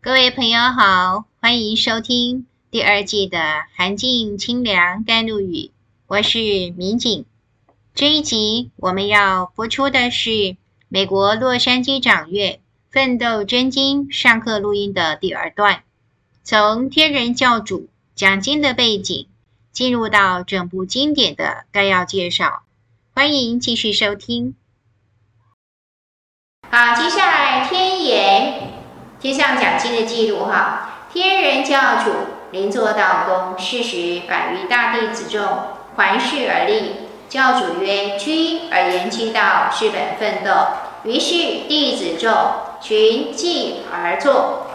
各位朋友好，歡迎收聽第二季的《寒靜清涼甘露雨》，我是民警。這一集我們要播出的是美國洛杉磯掌院。《奮鬥真經》上課錄音的第二段，從天人教主講經的背景，進入到整部經典的概要介紹。歡迎繼續收聽。好，接下來天言天上講經的記錄哈。天人教主臨座道宮，是時百餘大弟子眾環侍而立。教主曰：“居而言其道，是本奮鬥。”於是弟子眾。群季而座，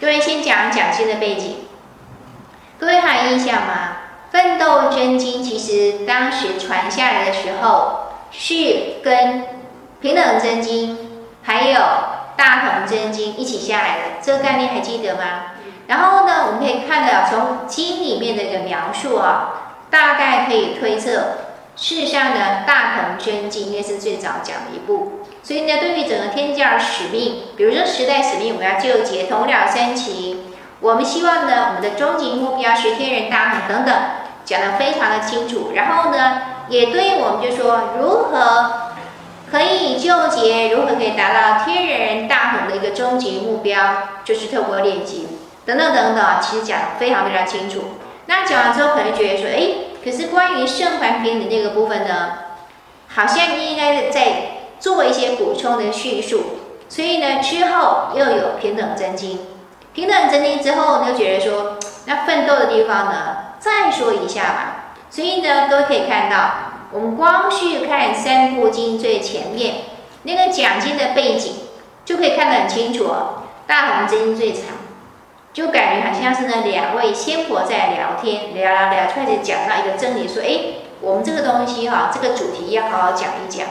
各位先講講經的背景。各位還有印象嗎？《奮鬥真經》其實當時傳下來的時候，是跟《平等真經》還有《大同真經》一起下來的，這個概念還記得嗎？然後呢，我們可以看到從經裡面的一個描述啊、哦，大概可以推測，事實上呢，《大同真經》應該是最早講的一部。所以呢，對於整個天帝教使命，比如說時代使命，我們要救劫，同了三期，我們希望呢，我們的終極目標是天人大同等等，講得非常的清楚。然後呢，也對於我們就說，如何可以救劫，如何可以達到天人大同的一個終極目標，就是透過煉心等等等等，其實講得非常非常清楚。那講完之後，可能覺得說，哎，可是關於聖凡平等的那個部分呢，好像應該在。做一些補充的敘述，所以呢，之後又有平等真經。平等真經之後呢，就覺得說，那奮鬥的地方呢，再說一下吧。所以呢，各位可以看到，我們光去看三部經最前面那個講經的背景，就可以看得很清楚、啊。大同真經最長，就感覺好像是那兩位仙婆在聊天，聊聊、啊、聊，開始講到一個真理，說：“哎，我們這個東西哈、啊，這個主題要好好講一講。”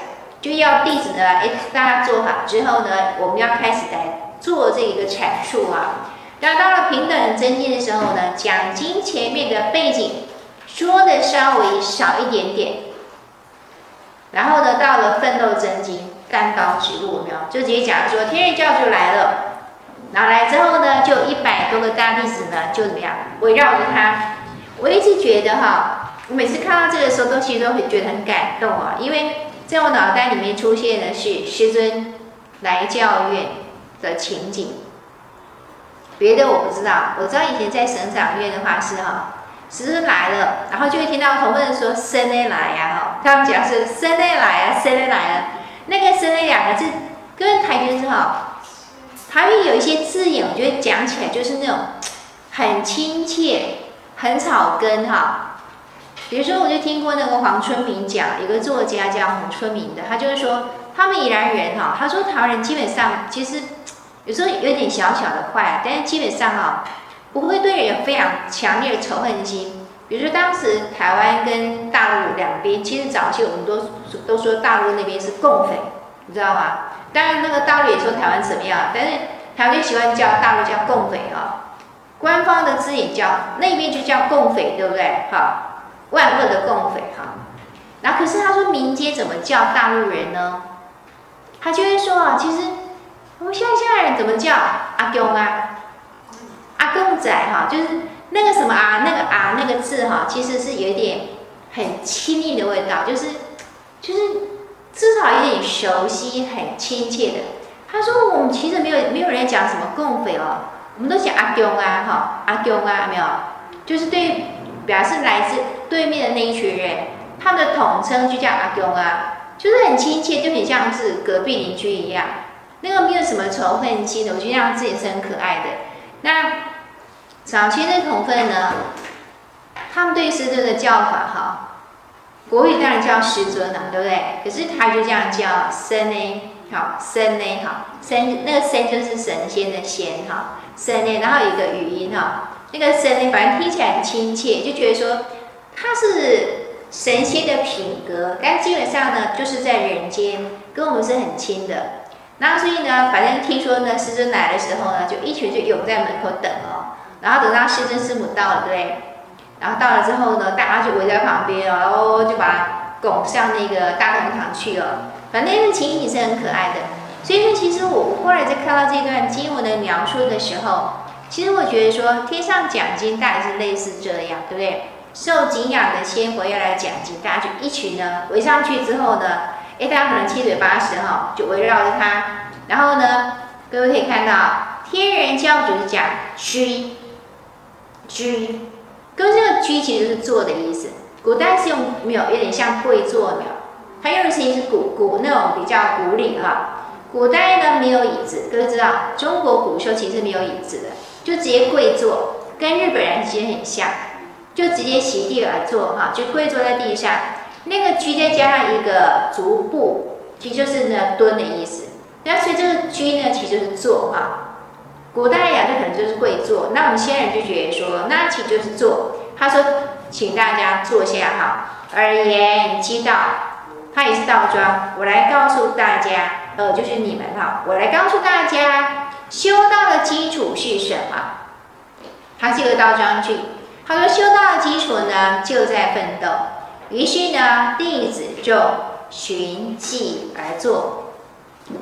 就要弟子呢，給大家做好之後呢，我們要開始來做這一個闡述啊。那到了平等真經的時候呢，講經前面的背景說的稍微少一點點。然後呢，到了奮鬥真經，單刀直入，怎就直接講說天人教就來了，拿來之後呢，就一百多個大弟子呢，就怎麼樣？圍繞着他。我一直覺得哈，我每次看到這個時候，都其實都會覺得很感動啊，因為。在我腦袋裡面出現的是師尊來教育的情景，別的我不知道。我知道以前在省掌院的話是哈，師尊來了，然後就會聽到同輩人說“生尊來呀”哈，他們講是“生尊來呀、啊，生尊來了、啊”。那個生來、啊“生尊”兩個字，跟台語是哈，台語有一些字眼，我覺得講起來就是那種很親切、很草根哈。比如說，我就聽過那個黃春明講，有個作家叫黃春明的，他就是說，他們宜蘭人哈，他說，台灣人基本上其實有時候有點小小的壞，但是基本上哈不會對人有非常強烈的仇恨心。比如說，當時台灣跟大陸兩邊，其實早期我們都都說大陸那邊是共匪，你知道嗎？當然，那個大陸也說台灣怎麼樣，但是台灣就喜歡叫大陸叫共匪啊，官方的字眼叫那邊就叫共匪，對不對？哈。萬惡的共匪哈，那、啊、可是他說，民間怎麼叫大陸人呢？他就會說啊，其實我們鄉下人怎麼叫阿公啊？阿公仔哈，就是那個什麼啊，那個啊，那個字哈，其實是有一點很親密的味道，就是就是至少有點熟悉、很親切的。他說，我們其實沒有沒有人講什麼共匪哦，我們都講阿公啊，哈，阿公啊，沒有，就是對。表示來自對面的那一群人，他們的統稱就叫阿公啊，就是很親切，就很像是隔壁鄰居一樣。那個沒有什麼仇恨心的，我覺得這樣子也是很可愛的。那早期的同奮呢，他們對師尊的叫法哈，國語當然叫師尊了，對不對？可是他就這樣叫森呢，好森呢，好森，那個森就是神仙的仙哈。聲呢，然後有一個語音哈、哦，那個聲呢，反正聽起來很親切，就覺得說他是神仙的品格，但基本上呢，就是在人間，跟我們是很親的。那所以呢，反正聽說呢，師尊來的時候呢，就一群就湧在門口等哦，然後等到師尊師母到了對，對，然後到了之後呢，大家就圍在旁邊，哦，然後就把他拱上那個大同堂去了，哦。反正那個情景是很可愛的。所以說，其實我後來在看到這段經文的描述的時候，其實我覺得說天上講經大概是類似這樣，對不對？受景仰的仙佛要來講經，大家就一群呢圍上去之後呢，哎，大家可能七嘴八舌哈、哦，就圍繞着他。然後呢，各位可以看到，天人教主是講居居，跟這個居其實就是坐的意思，古代是用有點像跪坐的，它用的詞是古古，那種比較古禮哈。古代呢，沒有椅子，各位知道，中國古時候其實沒有椅子的，就直接跪坐，跟日本人其實很像，就直接席地而坐哈，就跪坐在地上。那個“居”再加上一個“足部”，其實就是呢蹲的意思。那所以這個“居”呢，其實就是坐哈。古代呀，就可能就是跪坐。那我們先人就覺得說，那其實就是坐。他說，請大家坐下哈。爾言基道，他也是倒裝，我來告訴大家。呃、哦，就是你們哈，我來告訴大家，修道的基礎是什麼？它是一個倒裝句。他說修道的基礎呢就在奮鬥。於是呢，弟子就循季而座，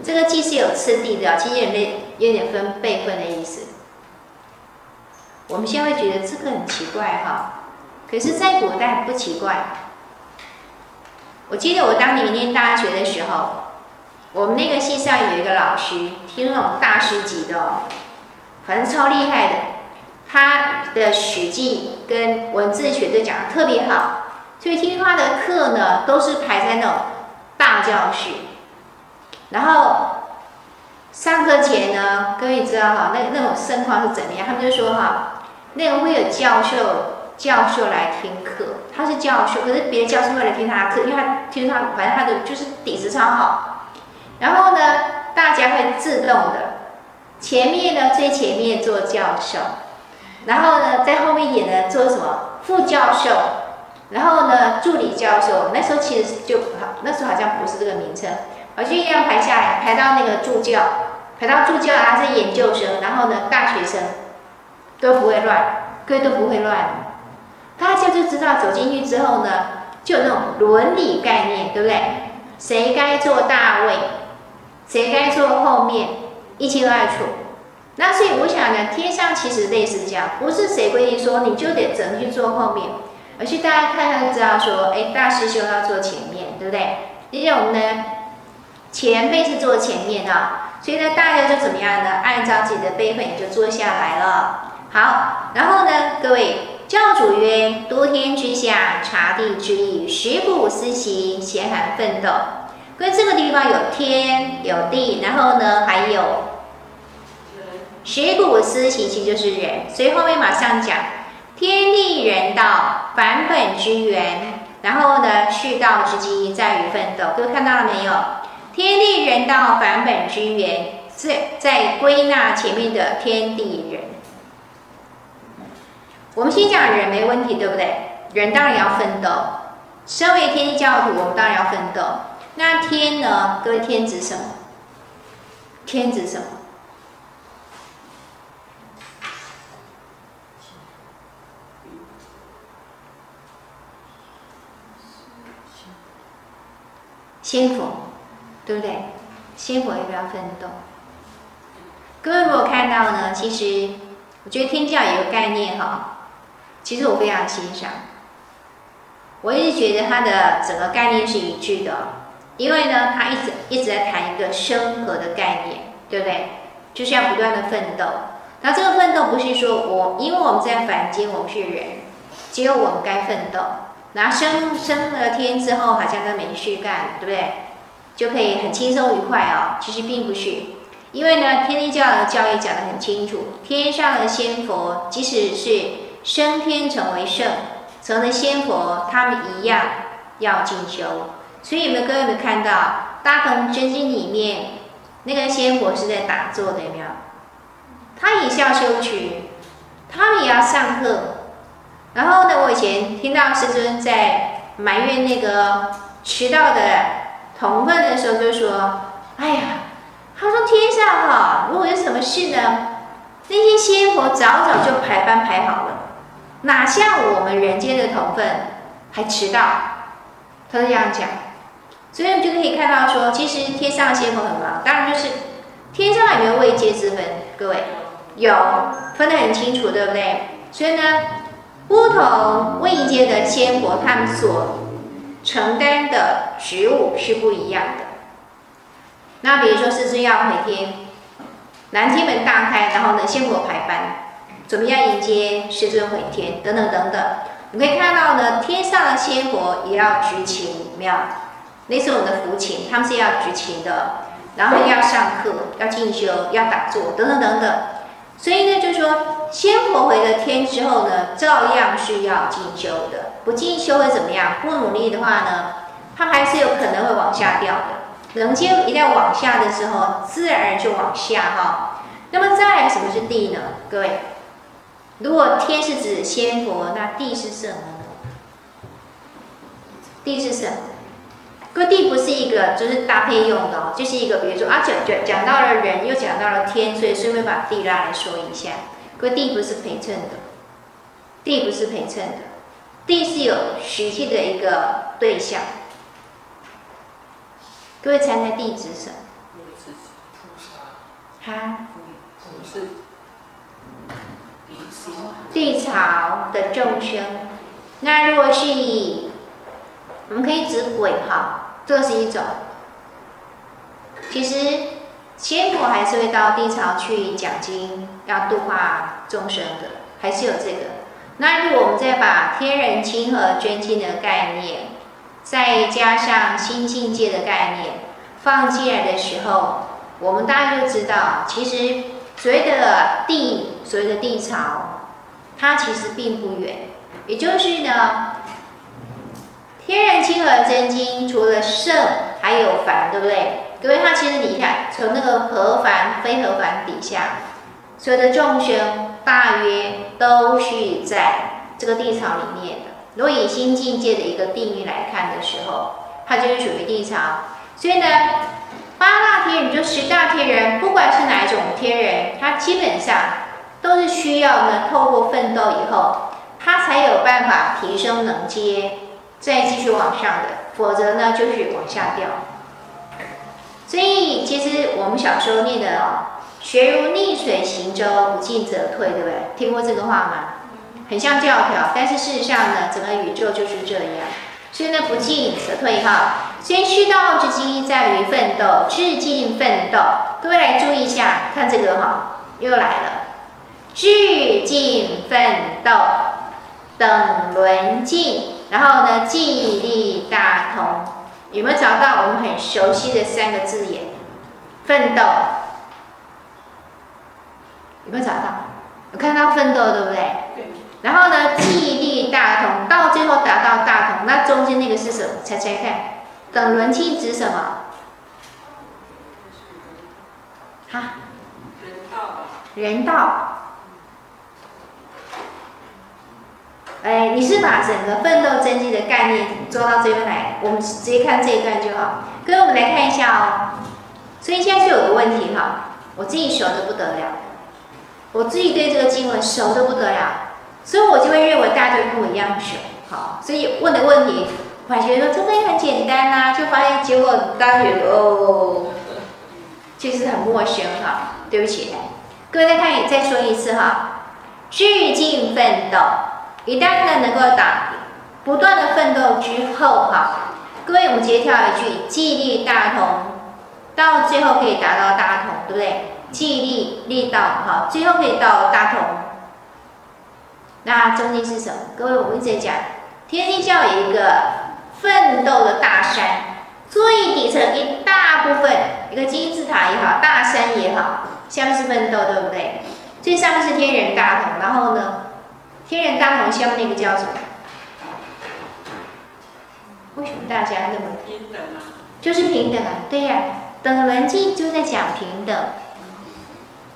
這個“季”是有次第的，其實有點有點分輩分的意思。我們現在會覺得這個很奇怪哈，可是，在古代很不奇怪。我記得我當年念大學的時候。我們那個系上有一個老師，聽說那種大師級的，哦，反正超厲害的。他的學記跟文字學都講得特別好，所以聽他的課呢，都是排在那種大教室。然後上課前呢，各位知道哈、哦，那那種盛況是怎麼樣？他們就說哈、哦，那個會有教授教授來聽課，他是教授，可是別的教授會來聽他的課，因為他聽說他反正他的就是底子超好。然後呢，大家會自動的，前面呢，最前面做教授，然後呢在後面演呢做什麼副教授，然後呢助理教授。那時候其實就好，那時候好像不是這個名稱，我就這樣排下來，排到那個助教，排到助教還是研究生，然後呢大學生，都不會亂，各位都不會亂，大家就知道走進去之後呢，就有那種倫理概念，對不對？誰該坐大位？誰該坐後面，一清二楚。那所以我想呢，天上其實類似這樣，不是誰規定說你就得怎麼去坐後面，而是大家看看就知道說，哎，大師兄要坐前面，對不對？因為我們呢，前輩是坐前面的，所以呢，大家就怎麼樣呢？按照自己的輩分就坐下來了。好，然後呢，各位，教主曰：都天之象，察地之義，史古思昔，咸含奮鬥。因為這個地方有天有地，然後呢，還有史古思昔，其實就是人。所以後面馬上講天地人道返本之源，然後呢，去道之基在於奮鬥。各位看到了沒有？天地人道返本之源，是在歸納前面的天地人。我們先講人沒問題，對不對？人當然要奮鬥。身為天帝教徒，我們當然要奮鬥。那天呢，各位，天指什麼？天指什麼？仙佛，對不對？仙佛也不要奮鬥。各位朋友看到呢？其實，我覺得天教有概念哈，其實我非常欣賞。我一直覺得它的整個概念是一致的。因為呢，他一直一直在談一個生和的概念，對不對？就是要不斷的奮鬥。那這個奮鬥不是說我，因為我們在凡間，我們是人，只有我們該奮鬥。那升升了天之後，好像都沒事幹，對不對？就可以很輕鬆愉快哦，其實並不是，因為呢，天帝教的教義講得很清楚，天上的仙佛，即使是升天成為聖，成了仙佛，他們一樣要進修。所以，有沒有各位？有沒有看到大同真經裡面那個仙佛是在打坐的？有沒有？他也要修學，他們也要上課。然後呢，我以前聽到師尊在埋怨那個遲到的同奮的時候，就說：“哎呀，他說天下哈，如果有什麼事呢，那些仙佛早早就排班排好了，哪像我們人間的同奮還遲到？”他這樣講。所以我們就可以看到說，說其實天上的仙佛很忙。當然就是天上也沒有位階之分，各位有分得很清楚，對不對？所以呢，不同位階的仙佛，他們所承擔的職務是不一樣的。那比如說師尊要回天，南天門大開，然後呢，仙佛排班，怎麼樣迎接師尊回天等等等等。我們可以看到呢，天上的仙佛也要執勤，明白嗎？那是我們的服勤，他們是要執勤的，然後要上課、要進修、要打坐等等等等。所以呢，就是說，仙佛回了天之後呢，照樣是要進修的。不進修會怎麼樣？不努力的話呢，他還是有可能會往下掉的。人間一定要往下的時候，自然而然就往下哈。那麼再來，什麼是地呢？各位，如果天是指仙佛，那地是什麼呢？地是什麼？各地不是一個，就是搭配用的哦，就是一個，比如說啊，講講講到了人，又講到了天，所以順便把地拉來說一下。各地不是陪襯的，地不是陪襯的，地是有實際的一個對象。各位猜猜地指什麼？地是地曹的眾生。那如果是以我們可以指鬼哈，這是一種。其實仙佛還是會到地曹去講經，要度化眾生的，還是有這個。那如果我們再把天人親和真經的概念，再加上新境界的概念放進來的時候，我們大家就知道，其實所謂的地，所謂的地曹，它其實並不遠，也就是呢。天人親和真經除了聖，還有凡，對不對？各位，它其實底下，從那個和凡、非和凡底下，所有的眾生，大約都是在這個地曹裡面的。如果以新境界的一個定義來看的時候，它就是屬於地曹。所以呢，八大天人、就十大天人，不管是哪一種天人，他基本上都是需要呢，透過奮鬥以後，他才有辦法提升能階。再繼續往上的，否則呢，就是往下掉。所以其實我們小時候念的哦，「學如逆水行舟，不進則退」，對不對？聽過這個話嗎？很像教條，但是事實上呢，整個宇宙就是這樣。所以呢，不進則退哈。先是道之基在於奮鬥，至盡奮鬥。各位來注意一下，看這個哈，又來了，至盡奮鬥，等倫盡。然後呢？季蒞大同，有沒有找到我們很熟悉的三個字眼？奮鬥，有沒有找到？我看到奮鬥，對不對？對。然後呢？季蒞大同，到最後達到大同，那中間那個是什麼？猜猜看，等倫盡指什麼？啊？人道人道。人道哎，你是把整個奮鬥真經的概念做到這邊來，我們直接看這一段就好。各位，我們來看一下哦。所以現在就有個問題哈，我自己熟的不得了，我自己對這個經文熟的不得了，所以我就會認為大家都跟我一樣熟。好，所以問的問題，我感覺得說這個很簡單吶、啊，就發現結果大家哦,哦,哦,哦，就是很陌生哈、啊。對不起，各位再看，再說一次哈，致敬奮鬥。一旦呢，能夠打，不斷的奮鬥之後，哈，各位我們直接跳一句，季蒞大同，到最後可以達到大同，對不對？盡力力道好，最後可以到大同。那中間是什麼？各位我們一直在講，天帝教有一個奮鬥的大山，最底層一大部分，一個金字塔也好，大山也好，下面是奮鬥，對不對？最上面是天人大同，然後呢？天人大雄，那個叫什麼？為什麼大家那麼？平等啊！就是平等啊！對呀，等倫盡就在講平等，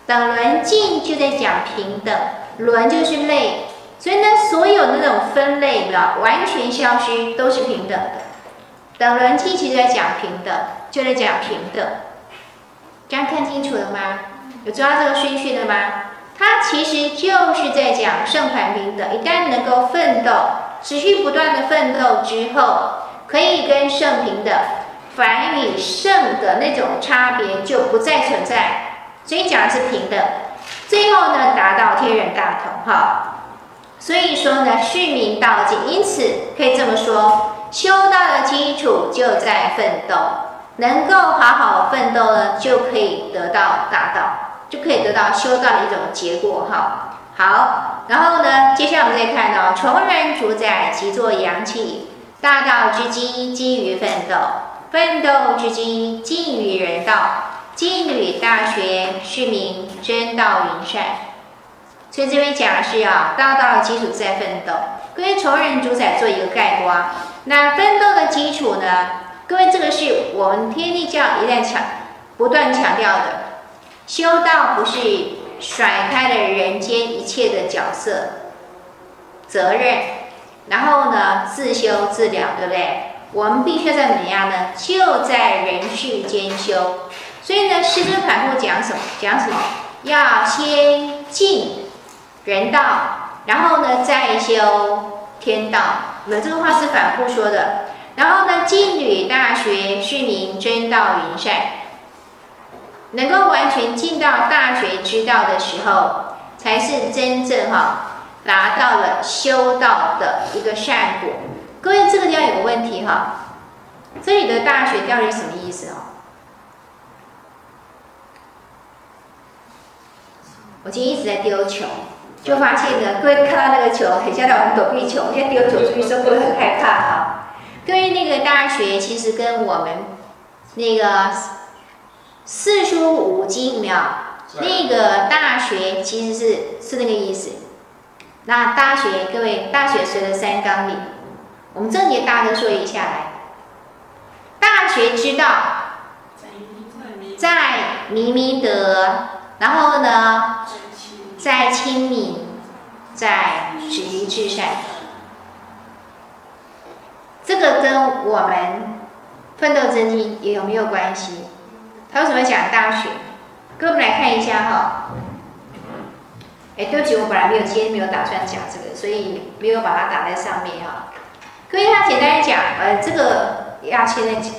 等倫盡就在講平等，倫就是類，所以呢，所有那種分類表完全消失，都是平等的。等倫盡其實在講平等，就在講平等。這樣看清楚了嗎？有抓到這個順序的嗎？他其實就是在講聖凡平等，一旦能夠奮鬥，持續不斷的奮鬥之後，可以跟聖平等，凡與聖的那種差別就不再存在，所以講的是平等。最後呢，達到天人大同哈。所以說呢，續命道盡，因此可以這麼說，修道的基礎就在奮鬥，能夠好好的奮鬥呢，就可以得到大道。就可以得到修道的一種結果哈。好，然後呢，接下來我們再看到、哦，崇仁主宰即座仰啟，大道之基基於奮鬥，奮鬥之基盡於人道，盡於大學，是名真道云善。所以這邊講的是啊、哦，大道的基礎在奮鬥。各位崇仁主宰做一個概括，那奮鬥的基礎呢？各位，這個是我們天帝教一旦強、不斷強調的。修道不是甩開了人間一切的角色、責任，然後呢，自修自了，對不對？我們必須在怎麼樣呢？就在人世間修。所以呢，師尊反复講什麼？講什麼？要先盡人道，然後呢，再修天道。我們這個話是反覆說的。然後呢，《盡履大學》是名真道云善，能夠完全進到大學之道的時候，才是真正哈、啊、拿到了修道的一個善果。各位，這個地方有個問題哈、啊，這裡的大學到底什麼意思啊？我今天一直在丟球，就發現呢，各位看到那個球，很像在玩躲避球，現在丟球出去，所以說各位很害怕哈、啊，各位那個大學其實跟我們那個。四書五經沒有那個大學，其實是是那個意思。那大學，各位，大學學的三綱領，我們這裡大概說一下來。大學之道，在明明德，然後呢，在親民，在止於至善。這個跟我們奮鬥真經也有沒有關係？還有什麼講大學？各位，我們來看一下哈。哎、欸，對不起，我本來沒有接，今天沒有打算講這個，所以沒有把它打在上面哈。各位，要簡單講，呃，這個要現在講。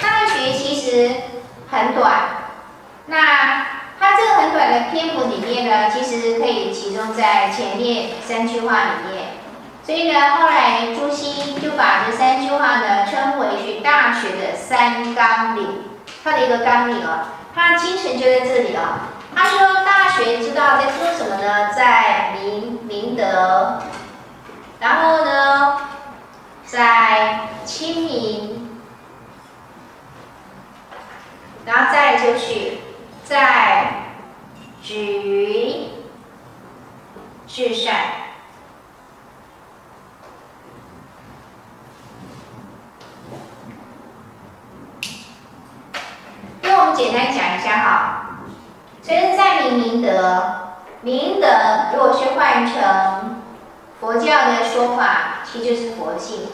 大學其實很短，那。篇幅裡面呢，其實可以集中在前面三句話裡面，所以呢，後來朱熹就把這三句話呢稱為是《大學》的三綱領，它的一個綱領啊、哦，它精神就在這裡啊、哦。他說，《大學》之道在說什麼呢？在明明德，然後呢，在親民，然後再就是在。止於至善，因為我們簡單講一下哈、哦。存善明明德，明德如果是換成佛教的說法，其實就是佛性。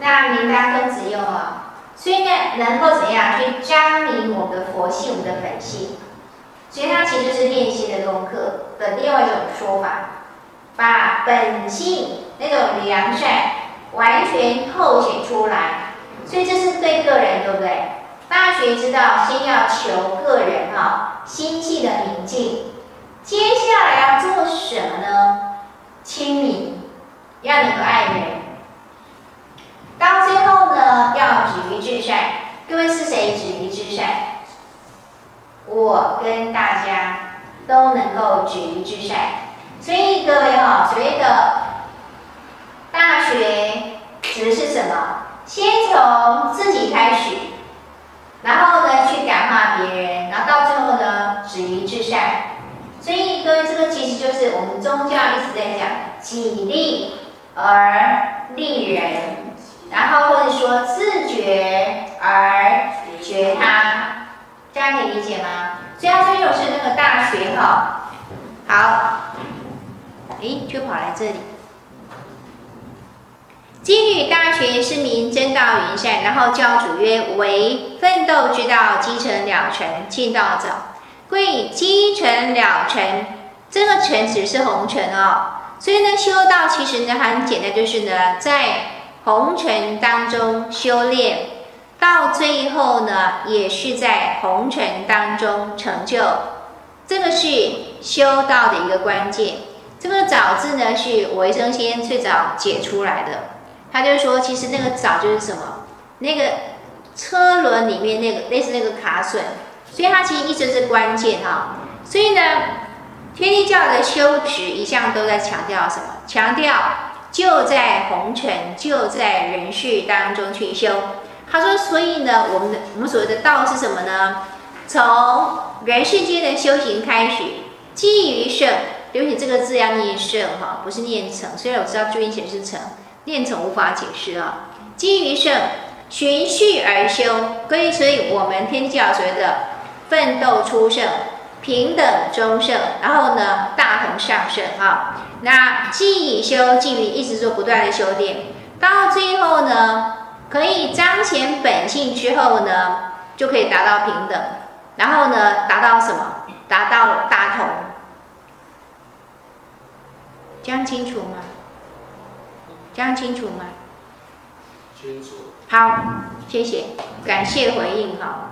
那明大分子用啊、哦，所以呢，能夠怎樣去彰明我們的佛性，我們的本性？所以它其實是練習的功課的另外一種說法，把本性那種良善完全透顯出來。所以這是對個人，對不對？大學之道，先要求個人哈、哦，心性的寧靜。接下來要做什麼呢？親民，要能夠愛人。到最後呢，要止於至善。各位是誰？止於至善。我跟大家都能夠止於至善，所以各位哈、哦，所謂的大學指的是什麼？先從自己開始，然後呢去感化別人，然後到最後呢止於至善。所以各位，這個其實就是我們宗教一直在講，己立而立人，然後或者說自覺而覺他。大家可以理解嗎？所以它就是那個大學哈，好，誒，就跑來這裡。盡履大學是名真道云善，然後教主曰：偉。奮鬥之道，基塵了塵，進道蚤。貴基塵了塵，這個塵只是紅塵哦。所以呢，修道其實呢很簡單，就是呢在紅塵當中修煉。到最後呢，也是在紅塵當中成就，這個是修道的一個關鍵。這個蚤字呢，是維生先生最早解出來的。他就是說，其實那個蚤就是什麼？那個車輪裡面那個類似那個卡榫，所以它其實一直是關鍵哈、喔。所以呢，天帝教的修持一向都在強調什麼？強調就在紅塵，就在人世當中去修。他說：“所以呢，我們的我們所謂的道是什麼呢？從人世間的修行開始，基於聖，尤其這個字要念聖哈，不是念成。雖然我知道注音顯示成，念成無法解釋啊。基於聖，循序而修，所以，我們天教所說的奮鬥初聖，平等中聖，然後呢，大同上聖哈，那基於修，基於一直做不斷的修煉，到最後呢。”可以彰顯本性之後呢，就可以達到平等，然後呢，達到什麼？達到大同。這樣清楚嗎？這樣清楚嗎？清楚。好，謝謝，感謝回應哈。